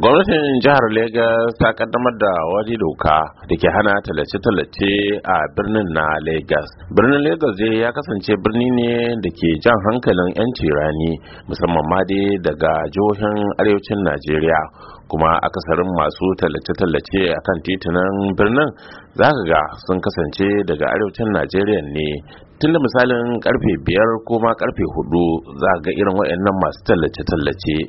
gwamnatin jihar Legas ta kaddamar da wani doka da ke hana tallace-tallace a birnin na Legas. birnin Legas dai ya kasance birni ne da ke jan hankalin 'yanci rani musamman ma dai daga jihohin arewacin najeriya kuma akasarin masu tallace-tallace a kan titunan birnin zaka ga sun kasance daga arewacin najeriya ne tun da misalin karfe biyar ko ma karfe hudu za ga irin waɗannan masu tallace-tallace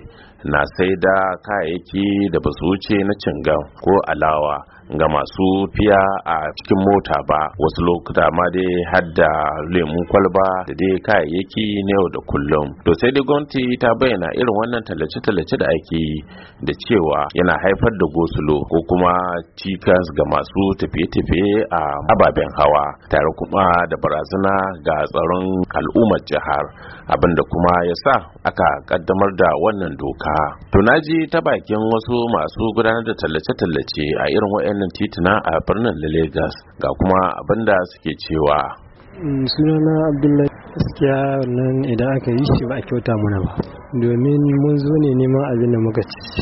na sai da kayayyaki da ba su wuce na cinga ko alawa ga masu fiya a cikin mota ba wasu lokuta ma dai har da lemun kwalba da dai kayayyaki na yau da kullum to sai dai gwamnati ta bayyana irin wannan tallace-tallace da ake yi da cewa yana haifar da gosulo ko kuma cikas ga masu tafiye-tafiye a ababen hawa tare kuma da barazana ga tsaron al'ummar jihar abinda kuma ya sa aka kaddamar da wannan doka tunaji ta bakin wasu masu gudanar da tallace-tallace a irin waɗannan tituna a birnin lagos ga kuma abin da suke cewa mm, sunana abdullahi gaskiya wannan idan aka yi shi ba a kyauta muna ba domin mun zo ne neman abin da muka ci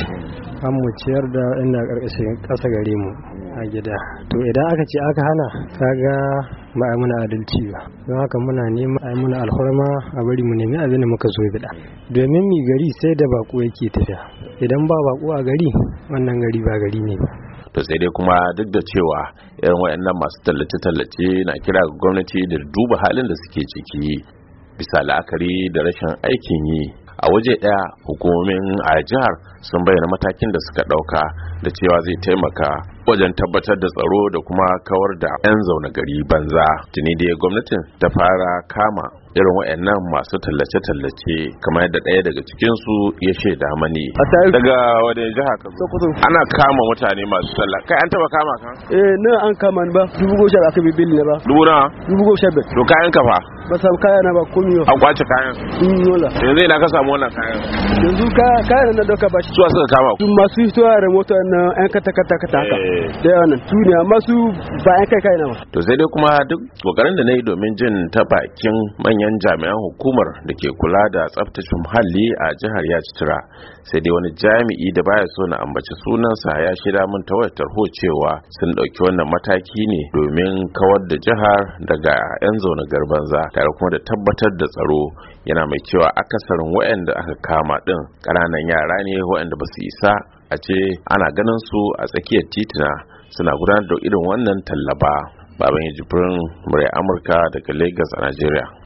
an mu ciyar da inda ƙarƙashin ƙasa gare mu a gida to idan aka ce aka hana kaga ba a muna adalci ba don haka muna nema a muna alhorma a bari mu nemi abin da muka zo bida domin mi gari sai da bako yake tafiya idan ba bako a gari wannan gari ba gari ne ba to sai dai kuma duk da cewa irin waɗannan masu tallace-tallace na kira ga gwamnati da duba halin da suke ciki bisa la'akari da rashin aikin yi a waje ɗaya hukumomin a jihar sun bayyana matakin da suka ɗauka da cewa zai taimaka wajen tabbatar da tsaro da kuma kawar da 'yan zaune gari banza tuni da gwamnatin ta fara kama irin wa'annan masu tallace-tallace kamar yadda ɗaya daga cikinsu ya shaida mani daga wani jiha kan ana kama mutane masu talla kai an taba kama kan eh na an kama ba dubu goma sha aka bibil ne ba dubu na dubu goma sha to kayan ka fa ba sam kaya na ba komi an kwace kayan in yola yanzu ina ka samu wannan kayan yanzu kayan na doka ba shi suwa suka kama masu fitowa da mota na yan kata kata kata haka eh. da yawan tuni amma su bayan kai kai na ma to sai dai kuma duk kokarin da na yi domin jin ta bakin manyan jami'an hukumar da ke kula da tsaftace muhalli a jihar ya sai dai wani jami'i da baya so na ambaci sunansa ya shirya min ta wayar tarho cewa sun ɗauki wannan mataki ne domin kawar da jihar daga 'yan zaune garbanza tare kuma da tabbatar da tsaro yana mai cewa akasarin waɗanda aka kama din ƙananan yara ne waɗanda ba su isa a ce ana ganin su a tsakiyar titina suna gudanar da irin wannan tallaba baban ya jibrin murai amurka daga lagos a nigeria